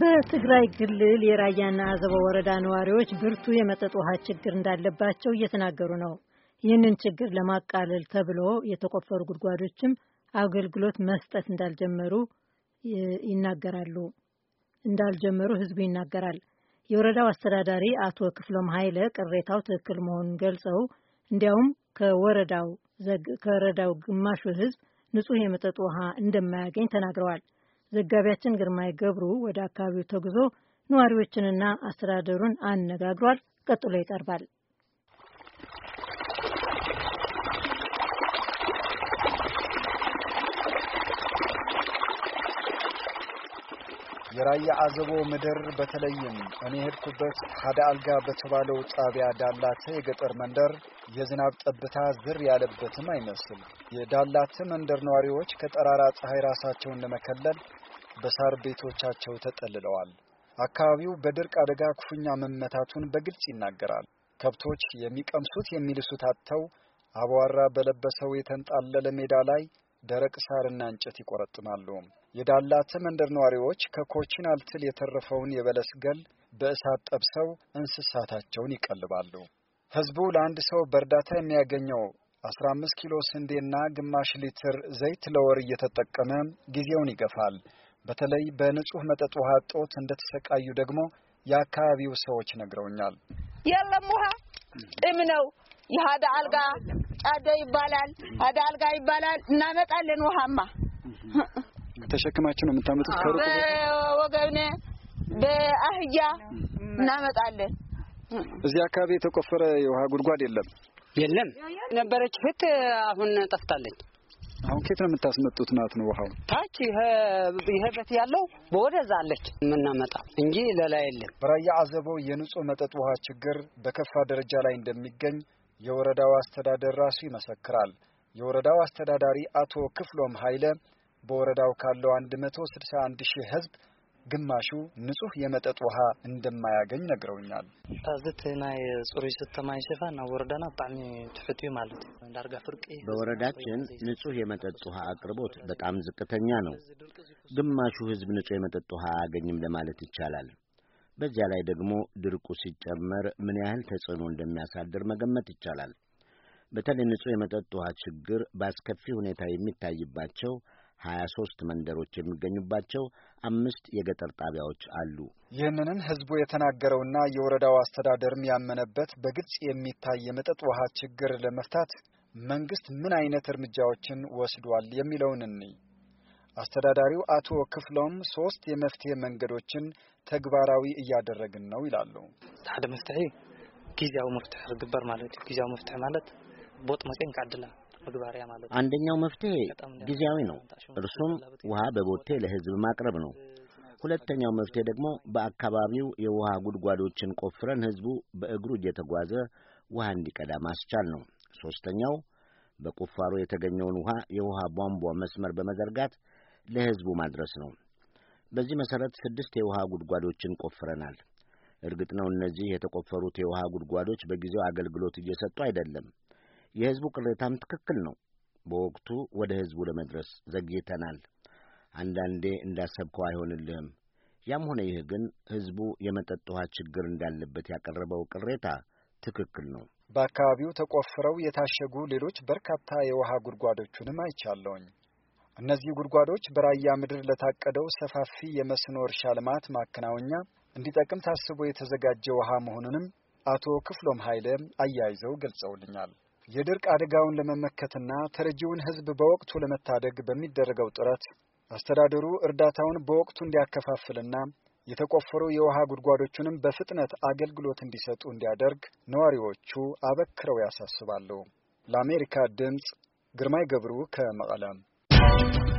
በትግራይ ክልል የራያና አዘቦ ወረዳ ነዋሪዎች ብርቱ የመጠጥ ውሃ ችግር እንዳለባቸው እየተናገሩ ነው። ይህንን ችግር ለማቃለል ተብሎ የተቆፈሩ ጉድጓዶችም አገልግሎት መስጠት እንዳልጀመሩ ይናገራሉ እንዳልጀመሩ ህዝቡ ይናገራል። የወረዳው አስተዳዳሪ አቶ ክፍሎም ኃይለ ቅሬታው ትክክል መሆኑን ገልጸው እንዲያውም ከወረዳው ግማሹ ህዝብ ንጹህ የመጠጥ ውሃ እንደማያገኝ ተናግረዋል። ዘጋቢያችን ግርማይ ገብሩ ወደ አካባቢው ተጉዞ ነዋሪዎችንና አስተዳደሩን አነጋግሯል። ቀጥሎ ይቀርባል። የራያ አዘቦ ምድር በተለይም እኔ ሄድኩበት ሀደ አልጋ በተባለው ጣቢያ ዳላተ የገጠር መንደር የዝናብ ጠብታ ዝር ያለበትም አይመስል። የዳላተ መንደር ነዋሪዎች ከጠራራ ፀሐይ ራሳቸውን ለመከለል በሳር ቤቶቻቸው ተጠልለዋል። አካባቢው በድርቅ አደጋ ክፉኛ መመታቱን በግልጽ ይናገራል። ከብቶች የሚቀምሱት የሚልሱት አጥተው አቧራ በለበሰው የተንጣለለ ሜዳ ላይ ደረቅ ሳርና እንጨት ይቆረጥማሉ። የዳላተ መንደር ነዋሪዎች ከኮቺን አልትል የተረፈውን የበለስ ገል በእሳት ጠብሰው እንስሳታቸውን ይቀልባሉ። ህዝቡ ለአንድ ሰው በእርዳታ የሚያገኘው 15 ኪሎ ስንዴና ግማሽ ሊትር ዘይት ለወር እየተጠቀመ ጊዜውን ይገፋል። በተለይ በንጹህ መጠጥ ውሃ እጦት እንደተሰቃዩ ደግሞ የአካባቢው ሰዎች ነግረውኛል። የለም ውሃ ጥም ነው የሀዳ አልጋ ጫደ ይባላል፣ ሀዳ አልጋ ይባላል። እናመጣለን። ውሃማ ተሸክማችሁ ነው የምታመጡት? ከሩቅ በወገብነ በአህያ እናመጣለን። እዚህ አካባቢ የተቆፈረ የውሃ ጉድጓድ የለም። የለም ነበረች ፍት አሁን ጠፍታለች። አሁን ኬት ነው የምታስመጡት? ናት ነው ውሃው ታች ይሄ በት ያለው በወደዛ አለች የምናመጣ እንጂ ለላይ የለም። ራያ አዘቦ የንጹህ መጠጥ ውሃ ችግር በከፋ ደረጃ ላይ እንደሚገኝ የወረዳው አስተዳደር ራሱ ይመሰክራል። የወረዳው አስተዳዳሪ አቶ ክፍሎም ኃይለ በወረዳው ካለው 161 ሺህ ህዝብ ግማሹ ንጹህ የመጠጥ ውሃ እንደማያገኝ ነግረውኛል። ታዝት ናይ ጽሩይ ስተማይ ሽፋ ና ወረዳና ብጣዕሚ ትሑት እዩ ማለት እዩ ዳርጋ ፍርቂ። በወረዳችን ንጹህ የመጠጥ ውሃ አቅርቦት በጣም ዝቅተኛ ነው። ግማሹ ህዝብ ንጹህ የመጠጥ ውሃ አያገኝም ለማለት ይቻላል። በዚያ ላይ ደግሞ ድርቁ ሲጨመር ምን ያህል ተጽዕኖ እንደሚያሳድር መገመት ይቻላል። በተለይ ንጹሕ የመጠጥ ውሃ ችግር በአስከፊ ሁኔታ የሚታይባቸው ሀያ ሶስት መንደሮች የሚገኙባቸው አምስት የገጠር ጣቢያዎች አሉ። ይህንንም ህዝቡ የተናገረውና የወረዳው አስተዳደርም ያመነበት በግልጽ የሚታይ የመጠጥ ውሃ ችግር ለመፍታት መንግስት ምን አይነት እርምጃዎችን ወስዷል የሚለውን እንይ። አስተዳዳሪው አቶ ክፍለውም ሶስት የመፍትሄ መንገዶችን ተግባራዊ እያደረግን ነው ይላሉ። ሓደ መፍትሒ ጊዜያዊ መፍትሒ ርግበር ማለት እዩ ጊዜያዊ መፍትሒ ማለት ቦጥ መፅን ካድላ ምግባርያ ማለት አንደኛው መፍትሄ ጊዜያዊ ነው። እርሱም ውሃ በቦቴ ለህዝብ ማቅረብ ነው። ሁለተኛው መፍትሄ ደግሞ በአካባቢው የውሃ ጉድጓዶችን ቆፍረን ህዝቡ በእግሩ እየተጓዘ ውሃ እንዲቀዳ ማስቻል ነው። ሶስተኛው በቁፋሮ የተገኘውን ውሃ የውሃ ቧንቧ መስመር በመዘርጋት ለሕዝቡ ማድረስ ነው። በዚህ መሠረት ስድስት የውሃ ጉድጓዶችን ቆፍረናል። እርግጥ ነው እነዚህ የተቆፈሩት የውሃ ጉድጓዶች በጊዜው አገልግሎት እየሰጡ አይደለም። የሕዝቡ ቅሬታም ትክክል ነው። በወቅቱ ወደ ሕዝቡ ለመድረስ ዘግይተናል። አንዳንዴ እንዳሰብከው አይሆንልህም። ያም ሆነ ይህ ግን ሕዝቡ የመጠጥ ውሃ ችግር እንዳለበት ያቀረበው ቅሬታ ትክክል ነው። በአካባቢው ተቆፍረው የታሸጉ ሌሎች በርካታ የውሃ ጉድጓዶቹንም አይቻለውኝ። እነዚህ ጉድጓዶች በራያ ምድር ለታቀደው ሰፋፊ የመስኖ እርሻ ልማት ማከናወኛ እንዲጠቅም ታስቦ የተዘጋጀ ውሃ መሆኑንም አቶ ክፍሎም ኃይለ አያይዘው ገልጸውልኛል። የድርቅ አደጋውን ለመመከትና ተረጂውን ሕዝብ በወቅቱ ለመታደግ በሚደረገው ጥረት አስተዳደሩ እርዳታውን በወቅቱ እንዲያከፋፍልና የተቆፈሩ የውሃ ጉድጓዶቹንም በፍጥነት አገልግሎት እንዲሰጡ እንዲያደርግ ነዋሪዎቹ አበክረው ያሳስባሉ። ለአሜሪካ ድምፅ ግርማይ ገብሩ ከመቀለም Bye.